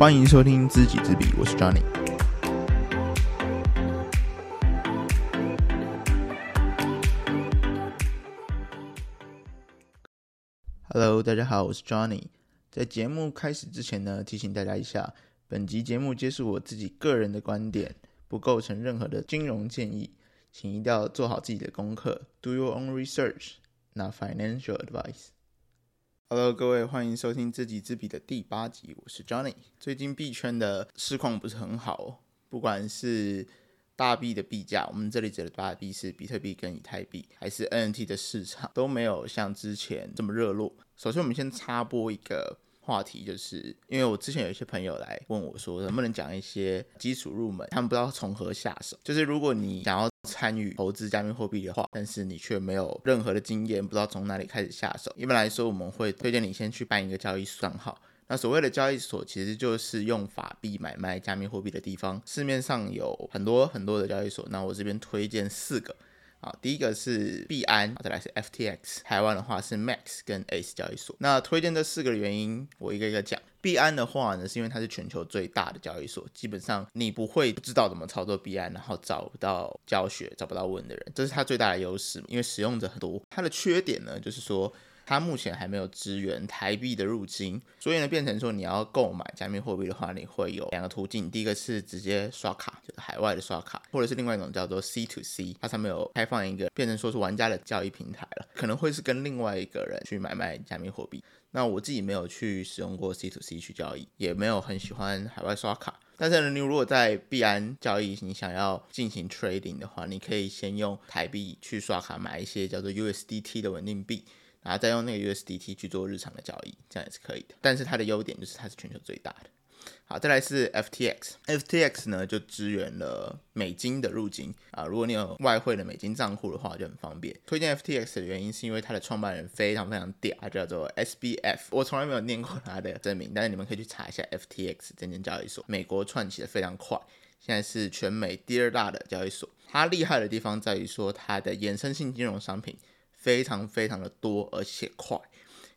歡迎收聽資己資彼，我是 Johnny。Hello，大家好，我是 Johnny。在節目開始之前呢，提醒大家一下，本集節目皆是我自己個人的觀點，不構成任何的金融建議，請一定要做好自己的功課，Do your own research，not financial advice。Hello，各位，歡迎收聽資己資彼的第八集，我是 Johnny。最近幣圈的市況不是很好，不管是大幣的幣價，我們這裡指的大幣是比特幣跟以太幣，還是 NFT 的市場都沒有像之前這麼熱絡。首先，我們先插播一個話題，就是因為我之前有一些朋友來問我說，能不能講一些基礎入門，他們不知道從何下手。就是如果你想要參與投資加密貨幣的話，但是你卻沒有任何的經驗，不知道從哪裡開始下手。一般來說，我們會推薦你先去辦一個交易所帳號。那所謂的交易所，其實就是用法幣買賣加密貨幣的地方。市面上有很多很多的交易所，那我這邊推薦四個。好，第一個是幣安，再來是 FTX。台灣的話是 Max 跟 Ace 交易所。那推薦這四個的原因，我一個一個講。幣安的話呢，是因為它是全球最大的交易所，基本上你不會不知道怎麼操作幣安，然後找不到教學、找不到問的人，這是它最大的優勢，因為使用者很多。它的缺點呢，就是說。它目前還沒有支援台幣的入金，所以呢，變成說你要購買加密貨幣的話，你會有兩個途徑。第一個是直接刷卡，就是海外的刷卡，或者是另外一種叫做 C to C，它上面有開放一個變成說是玩家的交易平台了，可能會是跟另外一個人去買賣加密貨幣。那我自己沒有去使用過 C to C 去交易，也沒有很喜歡海外刷卡。但是呢，你如果在幣安交易，你想要進行 trading 的話，你可以先用台幣去刷卡買一些叫做 USDT 的穩定幣。然後再用那個 USDT 去做日常的交易，這樣也是可以的。但是它的優點就是它是全球最大的。好，再來是 FTX，FTX 呢，就支援了美金的入金啊。如果你有外匯的美金賬戶的話，就很方便。推薦 FTX 的原因是因為它的創辦人非常非常屌，叫做 SBF。我從來沒有念過它的真名，但是你們可以去查一下 FTX 這間交易所。美國串起的非常快，現在是全美第二大的交易所。它厲害的地方在於說它的衍生性金融商品。非常非常的多，而且快，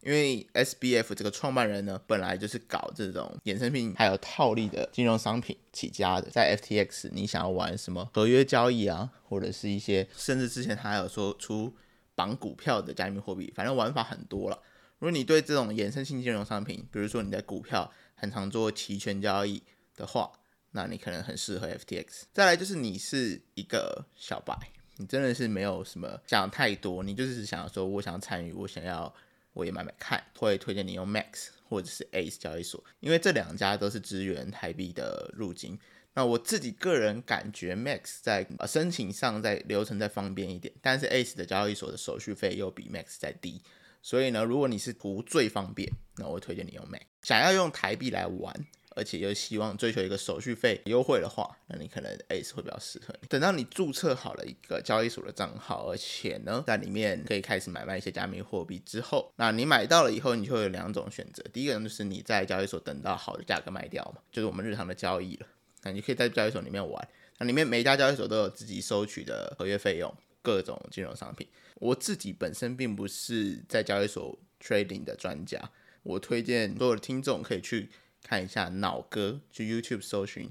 因為 SBF 這個創辦人呢，本來就是搞這種衍生品，還有套利的金融商品起家的。在 FTX，你想要玩什麼合約交易啊，或者是一些，甚至之前他還有說出綁股票的加密貨幣，反正玩法很多了。如果你對這種衍生性金融商品，比如說你在股票很常做期權交易的話，那你可能很適合 FTX。再來就是你是一個小白。你真的是沒有什麼想太多，你就是想說我想參與，我想要我也買買看。會推薦你用 Max 或者是 Ace 交易所，因為這兩家都是支援台幣的入金。那我自己個人感覺 Max 在申請上在流程再方便一點，但是 Ace 的交易所的手續費又比 Max 再低，所以呢，如果你是圖最方便，那我推薦你用 Max。想要用台幣來玩，而且又希望追求一個手續費優惠的話，那你可能 Ace 會比較適合你。等到你註冊好了一個交易所的賬號，而且呢在裡面可以開始買賣一些加密貨幣之後，那你買到了以後，你就會有兩種選擇。第一個呢，就是你在交易所等到好的價格賣掉嘛，就是我們日常的交易了。那你可以在交易所裡面玩，那裡面每家交易所都有自己收取的合約費用、各種金融商品。我自己本身並不是在交易所 trading 的專家，我推薦所有的聽眾可以去。看一下腦哥，就 YouTube 搜尋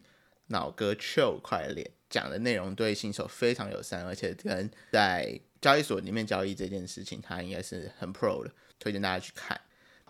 腦哥 Chill 塊鏈講的內容，對新手非常友善，而且跟在交易所裡面交易這件事情，他應該是很 Pro 的，推薦大家去看。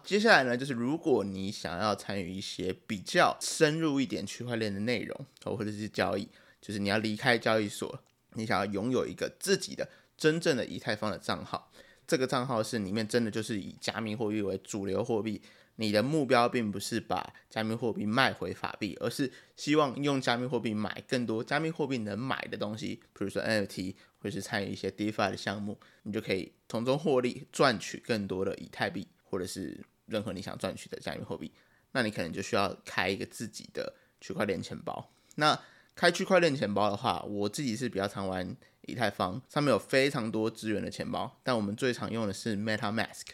接下來呢，就是如果你想要參與一些比較深入一點區塊鏈的內容，哦或者是交易，就是你要離開交易所，你想要擁有一個自己的真正的以太坊的賬號，這個賬號是裡面真的就是以加密貨幣為主流貨幣。你的目標並不是把加密貨幣賣回法幣，而是希望用加密貨幣買更多加密貨幣能買的東西，比如說 NFT 或是參與一些 DeFi 的項目，你就可以從中獲利，賺取更多的以太幣或者是任何你想賺取的加密貨幣。那你可能就需要開一個自己的區塊鏈錢包。那開區塊鏈錢包的話，我自己是比較常玩以太坊，上面有非常多支援的錢包，但我們最常用的是 MetaMask。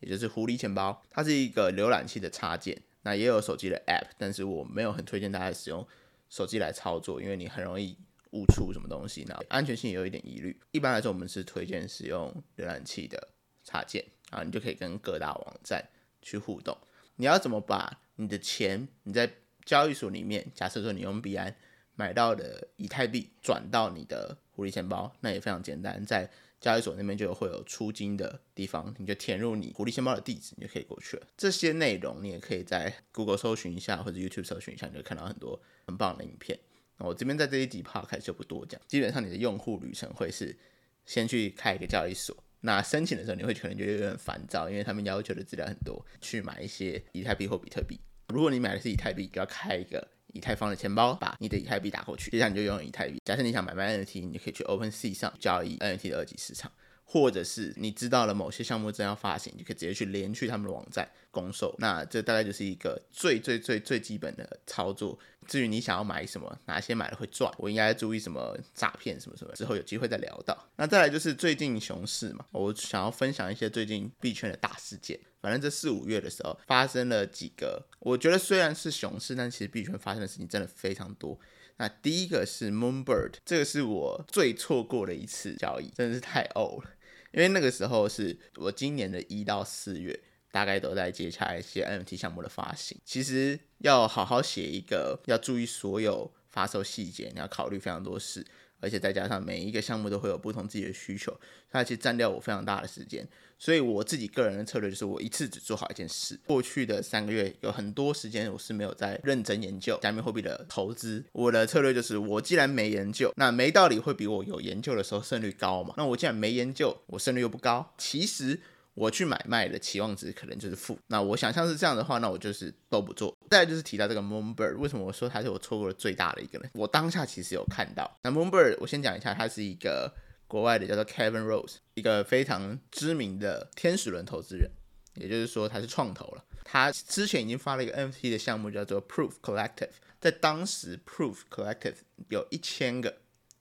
也就是狐狸錢包，它是一個瀏覽器的插件，那也有手機的 App，但是我沒有很推薦大家使用手機來操作，因為你很容易誤觸什麼東西，然後安全性也有一點疑慮。一般來說，我們是推薦使用瀏覽器的插件啊，然後你就可以跟各大網站去互動。你要怎麼把你的錢，你在交易所裡面，假設說你用幣安買到的以太幣轉到你的狐狸錢包，那也非常簡單，在。交易所那邊就會有出金的地方，你就填入你狐狸錢包的地址，你就可以過去了。這些內容你也可以在 Google 搜尋一下，或者 YouTube 搜尋一下，你就看到很多很棒的影片。那我這邊在這一集 part 開始就不多講，基本上你的用戶旅程會是先去開一個交易所。那申請的時候你會可能覺得有點煩躁，因為他們要求的資料很多。去買一些以太幣或比特幣，如果你買的是以太幣，你就要開一個。以太坊的錢包，把你的以太幣打過去，接下來你就擁有以太幣。假設你想買賣 NFT，你就可以去 OpenSea 上交易 NFT 的二級市場。或者是你知道了某些項目正要發行，你就可以直接去連去他們的網站公售。那這大概就是一個最最最最基本的操作。至於你想要買什麼，哪些買了會賺，我應該注意什麼詐騙什麼什麼，之後有機會再聊到。那再來就是最近熊市嘛，我想要分享一些最近幣圈的大事件。反正這四五月的時候發生了幾個，我覺得雖然是熊市，但其實幣圈發生的事情真的非常多。那第一個是 Moonbird，這個是我最錯過的一次交易，真的是太 old 了，因為那個時候是我今年的一到四月，大概都在接下來一些 NFT 項目的發行。其實要好好寫一個，要注意所有發售細節，你要考慮非常多事。而且再加上每一個項目都會有不同自己的需求，它其實占掉我非常大的時間。所以我自己個人的策略就是我一次只做好一件事。過去的三個月有很多時間我是沒有在認真研究加密貨幣的投資。我的策略就是，我既然沒研究，那沒道理會比我有研究的時候勝率高嘛。那我既然沒研究，我勝率又不高。其實。我去買賣的期望值可能就是負。那我想象是這樣的話，那我就是都不做。再來就是提到這個 Moonbird，為什麼我說它是我錯過了最大的一個呢？我當下其實有看到。那 Moonbird，我先講一下，他是一個國外的叫做 Kevin Rose，一個非常知名的天使輪投資人，也就是說他是創投了。他之前已經發了一個 NFT 的項目，叫做 Proof Collective。在當時，Proof Collective 有一千個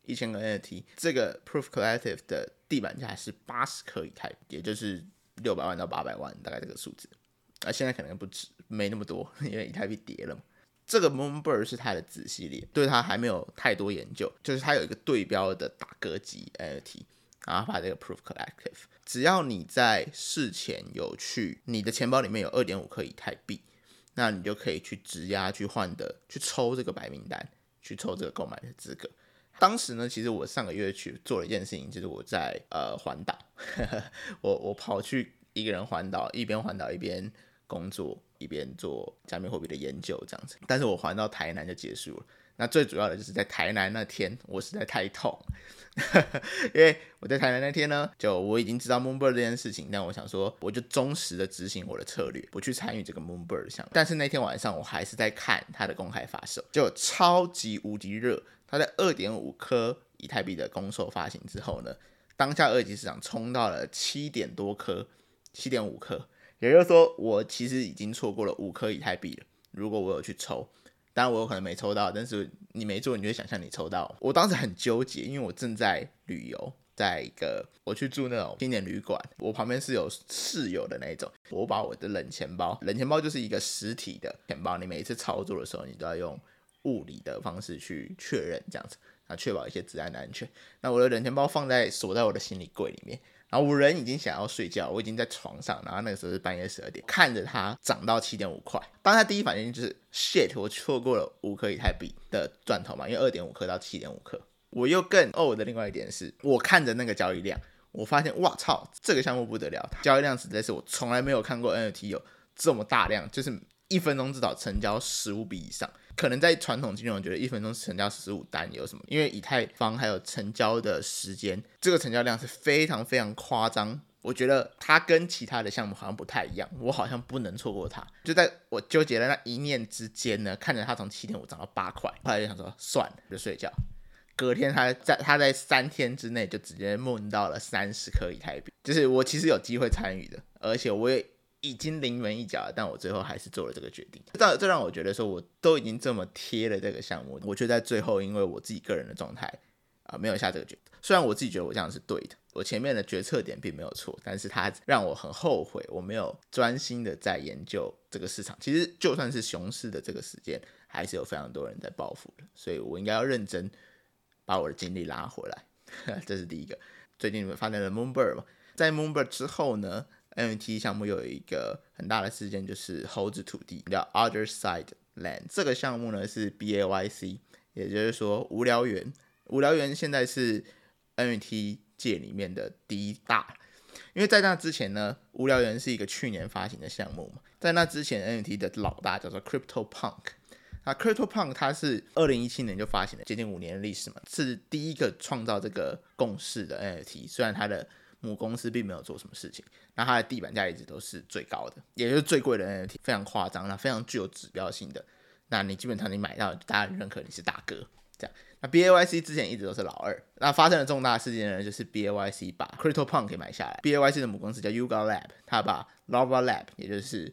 一千個 NFT，這個 Proof Collective 的地板價是八十顆以太，也就是。六百萬到八百萬，大概這個數字，啊，現在可能不止，沒那麼多，因為以太幣跌了嘛。這個 Moonbird 是它的子系列，對它還沒有太多研究，就是它有一個對標的大格局 NFT，然後他把這個 Proof Collective，只要你在事前有去，你的錢包裡面有二點五克以太幣，那你就可以去質押去換的，去抽這個白名單，去抽這個購買的資格。當時呢，其實我上個月去做了一件事情，就是我在呃環島。 我我跑去一個人環島，一邊環島一邊工作，一邊做加密貨幣的研究這樣子。但是我環到台南就結束了。那最主要的就是在台南那天，我實在太痛， 因為我在台南那天呢，就我已經知道 Moonbird 這件事情，但我想說，我就忠實地執行我的策略，不去參與這個 Moonbird 項目。但是那天晚上，我還是在看他的公開發售，就超級無敵熱。他在二點五顆以太幣的公售發行之後呢，當下二級市場衝到了七點多顆，七點五顆，也就是說我其實已經錯過了五顆以太幣了。如果我有去抽，當然我有可能沒抽到，但是你沒做，你就會想象你抽到。我當時很糾結，因為我正在旅遊，在一個我去住那種青年旅館，我旁邊是有室友的那一種。我把我的冷錢包，冷錢包就是一個實體的錢包，你每一次操作的時候，你都要用物理的方式去確認，這樣子。啊，確保一些治安的安全。那我的冷錢包放在鎖在我的行李櫃裡面。然後我人已經想要睡覺，我已經在床上。然後那個時候是半夜十二點，看着它漲到七點五塊。當他第一反應就是 shit，我錯過了五顆以太幣的賺頭嘛，因為二點五克到七點五克。我又更哦的另外一點是，我看着那個交易量，我發現哇操，這個項目不得了，交易量實在是我從來沒有看過 NFT 有這麼大量，就是。一分鐘至少成交十五筆以上，可能在傳統金融，我覺得一分鐘成交十五單有什麼？因為以太坊還有成交的時間，這個成交量是非常非常誇張。我覺得它跟其他的項目好像不太一樣，我好像不能錯過它。就在我糾結的那一念之間呢，看着它從七點五漲到八塊，後來就想說算了，就睡覺。隔天它在它在三天之內就直接夢到了三十顆以太幣，就是我其實有機會參與的，而且我也。已經臨門一腳了，但我最後還是做了這個決定。這讓我覺得說，我都已經這麼貼了這個項目，我卻在最後，因為我自己個人的狀態啊、呃，沒有下這個決定。雖然我自己覺得我這樣是對的，我前面的決策點並沒有錯，但是它讓我很後悔，我沒有專心的在研究這個市場。其實就算是熊市的這個時間，還是有非常多人在暴富的，所以我應該要認真把我的精力拉回來。呵，這是第一個。最近你們發現了 Moonbird 嘛？在 Moonbird 之後呢？NFT 項目有一個很大的事件，就是猴子土地，叫 Other Side Land。這個項目呢是 BAYC，也就是說無聊猿。無聊猿現在是 NFT 界裡面的第一大，因為在那之前呢，無聊猿是一個去年發行的項目嘛。在那之前，NFT 的老大叫做 CryptoPunk。啊，CryptoPunk 它是二零一七年就發行了，接近五年的歷史嘛，是第一個創造這個共識的 NFT。雖然它的母公司並沒有做什麼事情，那它的地板價一直都是最高的，也就是最貴的 NFT，非常誇張，那非常具有指標性的。那你基本上你買到，大家認可你是大哥，這樣。那 BAYC 之前一直都是老二，那發生了重大事件呢，就是 BAYC 把 CryptoPunk 給買下來。BAYC 的母公司叫 Yuga Lab，他把 Larva Lab，也就是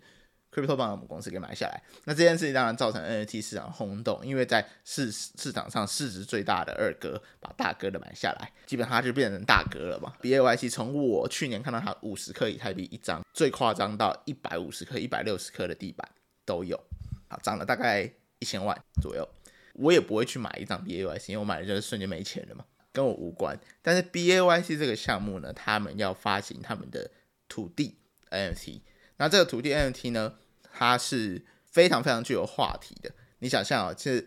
Crypto 邦的母公司給買下來，那這件事情當然造成 NFT 市場轟動，因為在市市場上市值最大的二哥把大哥的買下來，基本上就變成大哥了嘛。BAYC 從我去年看到它五十克以太幣一張，最誇張到一百五十克、一百六十克的地板都有，好漲了大概一千萬左右。我也不會去買一張 BAYC，因為我買了就是瞬間沒錢了嘛，跟我無關。但是 BAYC 這個項目呢，他們要發行他們的土地 NFT。那這個土地 NFT 呢，它是非常非常具有話題的。你想象啊、哦，這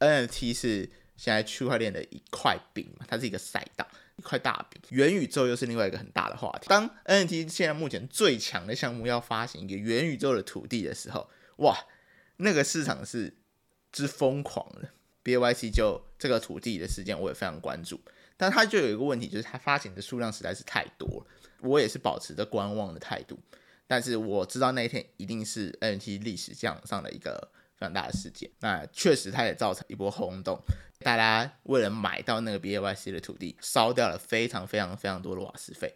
NFT 是現在區塊鏈的一塊餅嘛，它是一個賽道，一塊大餅。元宇宙又是另外一個很大的話題。當 NFT 現在目前最強的項目要發行一個元宇宙的土地的時候，哇，那個市場是之瘋狂的。BAYC 就這個土地的事件，我也非常關注，但它就有一個問題，就是它發行的數量實在是太多了。我也是保持着觀望的態度。但是我知道那一天一定是 NFT 歷史上的一個非常大的事件。那確實，它也造成一波轟動。大家為了買到那個 BAYC 的土地，燒掉了非常非常非常多的瓦斯費。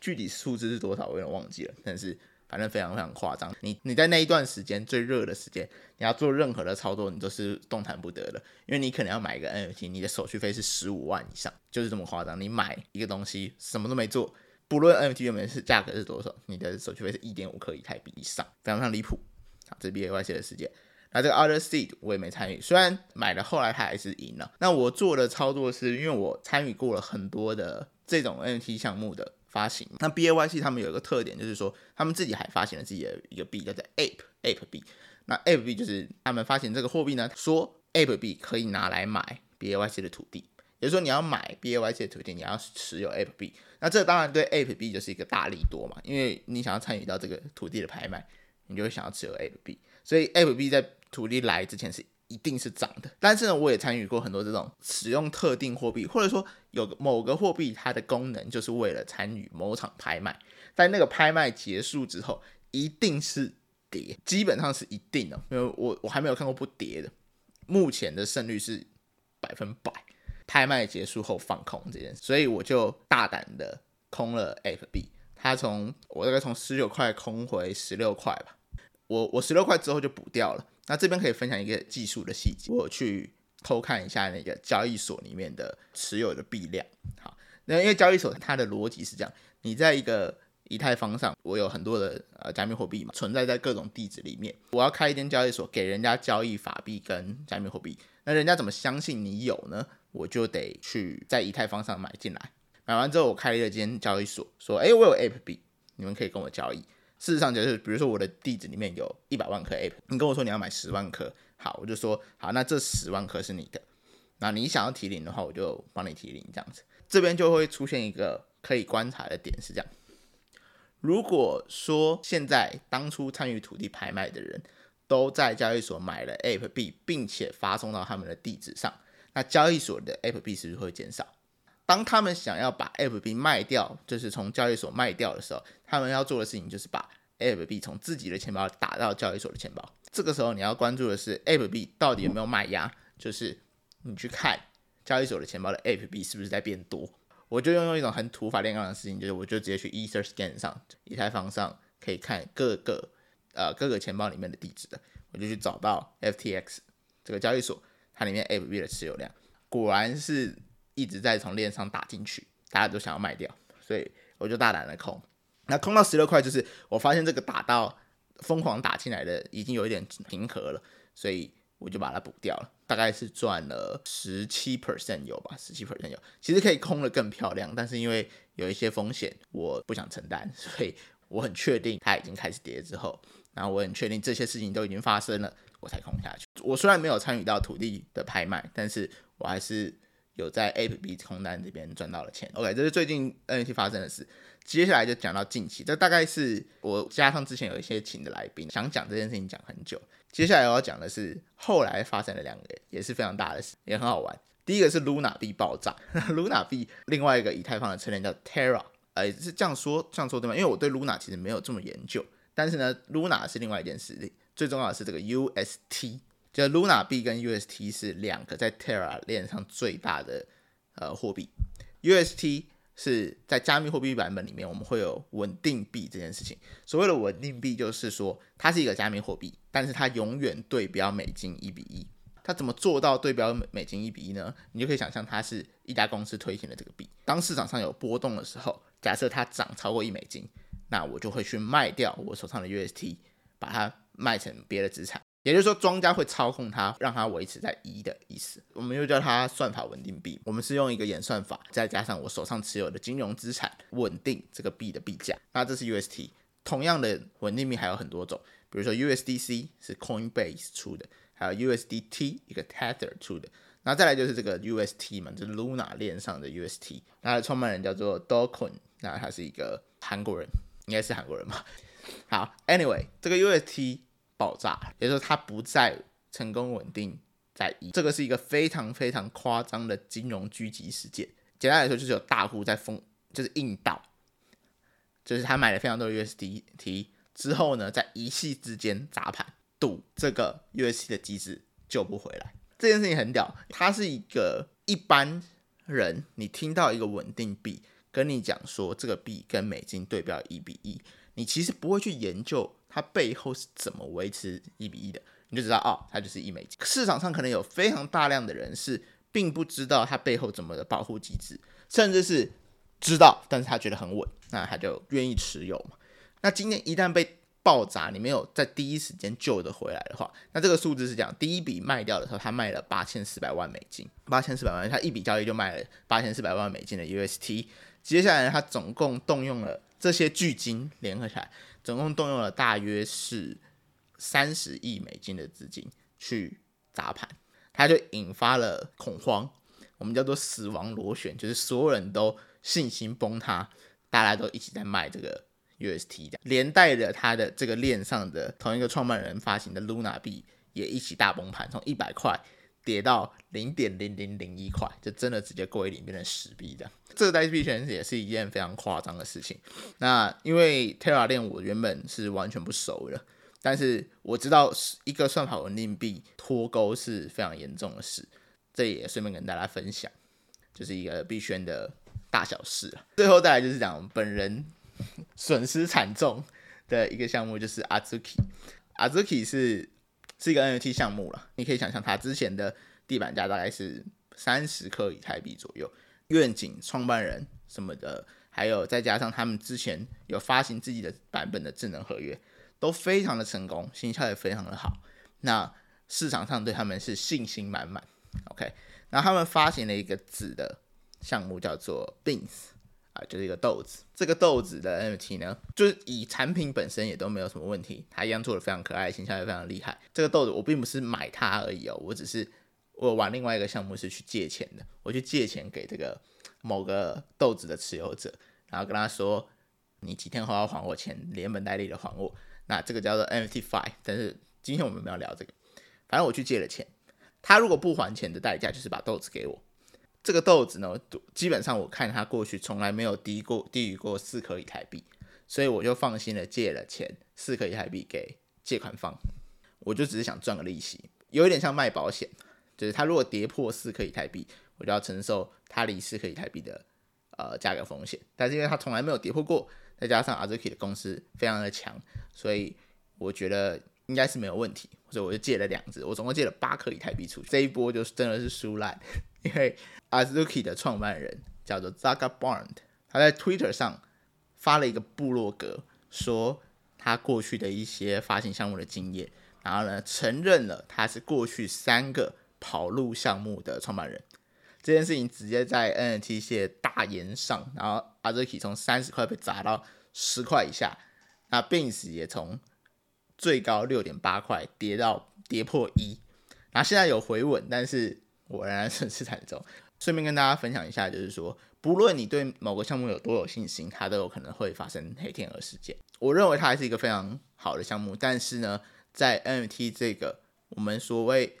具體數字是多少，我有點忘記了。但是反正非常非常誇張。你你在那一段時間最熱的時間，你要做任何的操作，你都是動彈不得的，因為你可能要買一個 NFT，你的手續費是十五萬以上，就是這麼誇張。你買一個東西，什麼都沒做。不論 NFT 有沒有價格是多少，你的手續費是一點五克以太幣以上，非常非常離譜啊！這是 BAYC 的事件。那這個 Other Seed 我也沒參與，雖然買了，後來他還是贏了。那我做的操作是因為我參與過了很多的這種 NFT 項目的發行。那 BAYC 他們有一個特點，就是說他們自己還發行了自己的一個幣，叫做 Ape，Ape 幣。那 Ape 幣就是他們發行這個貨幣呢，說 Ape 幣可以拿來買 BAYC 的土地。也就是說，你要買 B A Y C 的土地，你要持有 APE 幣，那這當然對 APE 幣就是一個大利多嘛，因為你想要參與到這個土地的拍賣，你就會想要持有 APE 幣。所以 APE 幣在土地來之前是一定是漲的，但是呢，我也參與過很多這種使用特定貨幣，或者說有某個貨幣它的功能就是為了參與某場拍賣，在那個拍賣結束之後一定是跌，基本上是一定的，哦，因為我我還沒有看過不跌的，目前的勝率是百分百。拍賣結束後放空這件事，所以我就大膽的空了 FB 它從我大概從十九塊空回十六塊吧，我我十六塊之後就補掉了。那這邊可以分享一個技術的細節，我去偷看一下那個交易所裡面的持有的幣量。好，那因為交易所它的邏輯是這樣，你在一個以太坊上，我有很多的呃加密貨幣嘛，存在在各種地址裡面，我要開一間交易所給人家交易法幣跟加密貨幣，那人家怎麼相信你有呢？我就得去在以太坊上買進來，買完之後我開了一間交易所，說：“誒、欸，我有 APP B，你們可以跟我交易。”事實上就是，比如說我的地址裡面有一百萬顆 APP 你跟我說你要買十萬顆，好，我就說好，那這十萬顆是你的。那你想要提領的話，我就幫你提領，這樣子，這邊就會出現一個可以觀察的點，是這樣。如果說現在當初參與土地拍賣的人都在交易所買了 APP B，並且發送到他們的地址上。那交易所的 App 幣是不是會減少？當他們想要把 App 幣賣掉，就是從交易所賣掉的時候，他們要做的事情就是把 App 幣從自己的錢包打到交易所的錢包。這個時候你要關注的是 App 幣到底有沒有賣壓，就是你去看交易所的錢包的 App 幣是不是在變多。我就用一種很土法煉鋼的事情，就是我就直接去 EtherScan 上，以太坊上可以看各個呃各個錢包裡面的地址的，我就去找到 FTX 這個交易所。它裡面 APP 的持有量果然是一直在從鏈上打進去，大家都想要賣掉，所以我就大膽的空。那空到十六塊，就是我發現這個打到瘋狂打進來的已經有一點平和了，所以我就把它補掉了，大概是賺了十七 percent 有吧，十七 percent 有。其實可以空得更漂亮，但是因為有一些風險我不想承擔，所以我很確定它已經開始跌之後，然後我很確定這些事情都已經發生了。我才空下去。我雖然沒有參與到土地的拍賣，但是我還是有在 APE 空單這邊賺到了錢。OK，這是最近 NFT 發生的事。接下來就講到近期，這大概是我加上之前有一些請的來賓，想講這件事情講很久。接下來我要講的是後來發生的兩個也是非常大的事，也很好玩。第一個是 Luna 幣爆炸 ，Luna 幣另外一個以太坊的側鏈叫 Terra，呃、欸，是這樣說這樣說對嗎？因為我對 Luna 其實沒有這麼研究，但是呢，Luna 是另外一件事情。最重要的是這個 U S T，就 Luna 幣跟 U S T 是兩個在 Terra 鏈上最大的呃貨幣。U S T 是在加密貨幣版本裡面，我們會有穩定幣這件事情。所謂的穩定幣，就是說它是一個加密貨幣，但是它永遠對標美金一比一。它怎麼做到對標美金一比一呢？你就可以想象，它是一家公司推行的這個幣。當市場上有波動的時候，假設它漲超過一美金，那我就會去賣掉我手上的 U S T，把它。賣成別的資產，也就是說，莊家會操控它，讓它維持在一的意思。我們又叫它算法穩定幣。我們是用一個演算法，再加上我手上持有的金融資產，穩定這個幣的幣價。那這是 UST，同樣的穩定幣還有很多種，比如說 USDC 是 Coinbase 出的，還有 USDT 一個 Tether 出的。那再來就是這個 UST 嘛，就是 Luna 鏈上的 UST。它的創辦人叫做 Do Kwon，那他是一個韓國人，應該是韓國人嘛。好，Anyway，這個 UST 爆炸，也就是說它不再成功穩定在一。這個是一個非常非常誇張的金融狙擊事件。簡單來說，就是有大戶在封，就是硬倒，就是他買了非常多的 USDT 之後呢，在一夕之間砸盤，賭這個 UST 的機制救不回來。這件事情很屌，它是一個一般人，你聽到一個穩定幣跟你講說這個幣跟美金對標一比一，你其實不會去研究它背後是怎麼維持一比一的，你就知道哦，它就是一美金。市場上可能有非常大量的人是並不知道它背後怎麼的保護機制，甚至是知道，但是他覺得很穩，那他就願意持有嘛。那今天一旦被爆炸，你沒有在第一時間救得回來的話，那這個數字是這樣。第一筆賣掉的時候，他賣了八千四百萬美金，八千四百萬美金，他一筆交易就賣了八千四百萬美金的 UST。接下來他總共動用了。這些巨鯨聯合起來，總共動用了大約是三十億美金的資金去砸盤，它就引發了恐慌，我們叫做死亡螺旋，就是所有人都信心崩塌，大家都一起在賣這個 UST，連帶着它的這個鏈上的同一個創辦人發行的 Luna 幣也一起大崩盤，從一百塊。跌到零點零零零一塊，就真的直接過一零變成十幣這樣，這個代幣圈也是一件非常誇張的事情。那因為 Terra 鏈我原本是完全不熟的，但是我知道一個算法穩定幣脫鈎是非常嚴重的事，這也順便跟大家分享，就是一個幣圈的大小事。最後再來就是講本人損 失慘重的一個項目，就是 Azuki。Azuki 是是一個 NFT 項目了，你可以想象它之前的地板價大概是三十顆以太幣左右。願景、創辦人什麼的，還有再加上他們之前有發行自己的版本的智能合約，都非常的成功，行銷也非常的好。那市場上對他們是信心滿滿。OK，然後他們發行了一個子的項目，叫做 BEANZ。啊，就是一個豆子，這個豆子的 NFT 呢，就是以產品本身也都沒有什麼問題，它一樣做的非常可愛，形象也非常厲害。這個豆子我並不是買它而已哦，我只是我玩另外一個項目是去借錢的，我去借錢給這個某個豆子的持有者，然後跟他說，你幾天後要還我錢，連本帶利的還我。那這個叫做 NFT fi，但是今天我們沒有聊這個，反正我去借了錢，他如果不還錢的代價就是把豆子給我。這個豆子呢，基本上我看它過去從來沒有低過，低於過四顆以太幣，所以我就放心的借了錢，四顆以太幣給借款方，我就只是想賺個利息，有一點像賣保險，就是它如果跌破四顆以太幣，我就要承受它離四顆以太幣的呃價格風險，但是因為它從來沒有跌破過，再加上 Azuki 的公司非常的強，所以我覺得應該是沒有問題，所以我就借了兩隻，我總共借了八顆以太幣出去，這一波就是真的是輸了因為 Azuki 的創辦人叫做 Zagabond，他在 Twitter 上發了一個部落格，說他過去的一些發行項目的經驗，然後呢，承認了他是過去三個跑路項目的創辦人。這件事情直接在 NFT 界大炎上，然後 Azuki 從三十塊被砸到十塊以下，那 Beanz 也從最高六點八塊跌到跌破一，然後現在有回穩，但是。果然損失慘重。順便跟大家分享一下，就是說，不論你對某個項目有多有信心，它都有可能會發生黑天鵝事件。我認為它還是一個非常好的項目，但是呢，在 NFT 這個我們所謂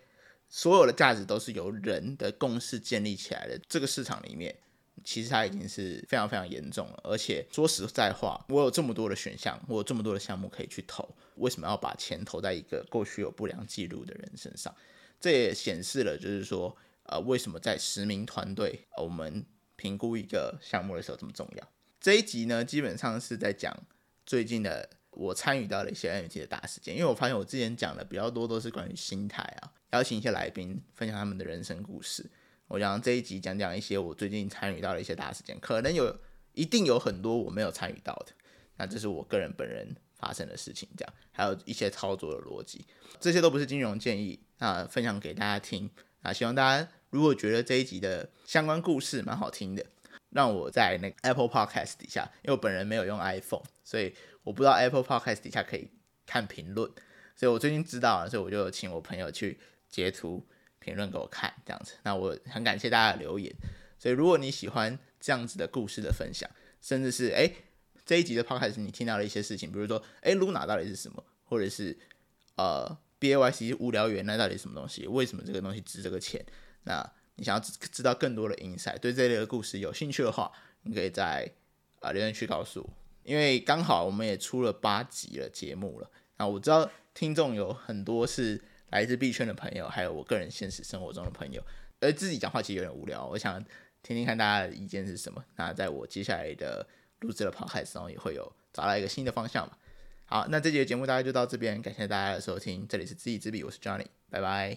所有的價值都是由人的共識建立起來的這個市場裡面，其實它已經是非常非常嚴重了。而且說實在話，我有這麼多的選項，我有這麼多的項目可以去投，為什麼要把錢投在一個過去有不良記錄的人身上？這也顯示了，就是說，呃，為什麼在實名團隊，呃，我們評估一個項目的時候這麼重要。這一集呢，基本上是在講最近的我參與到了一些 NFT 的大事件。因為我發現我之前講的比較多都是關於心態啊，邀請一些來賓分享他們的人生故事。我講這一集講講一些我最近參與到了一些大事件，可能有一定有很多我沒有參與到的。那這是我個人本人，發生的事情，這樣，還有一些操作的邏輯，這些都不是金融建議啊,那分享給大家聽啊。希望大家如果覺得這一集的相關故事蠻好聽的，讓我在那個 Apple Podcast 底下，因為我本人沒有用 iPhone，所以我不知道 Apple Podcast 底下可以看評論，所以我最近知道了，所以我就請我朋友去截圖評論給我看這樣子。那我很感謝大家的留言。所以如果你喜歡這樣子的故事的分享，甚至是哎。欸這一集的 podcast 你聽到的一些事情，比如說，誒、欸、Luna 到底是什麼？或者是，呃，B A Y C, C 無聊猿，那到底是什麼東西？為什麼這個東西值這個錢？那你想要知知道更多的 insight，對這類的故事有興趣的話，你可以在啊、呃、留言區告訴我，因為剛好我們也出了八集的節目了。那我知道聽眾有很多是來自幣圈的朋友，還有我個人現實生活中的朋友，而自己講話其實有點無聊，我想聽聽看大家的意見是什麼。那在我接下來的。錄製的 Podcast 然後也會有找到一個新的方向嘛。好，那這期節目大概就到這邊，感謝大家的收聽。這裡是知己知彼，我是 Johnny，拜拜。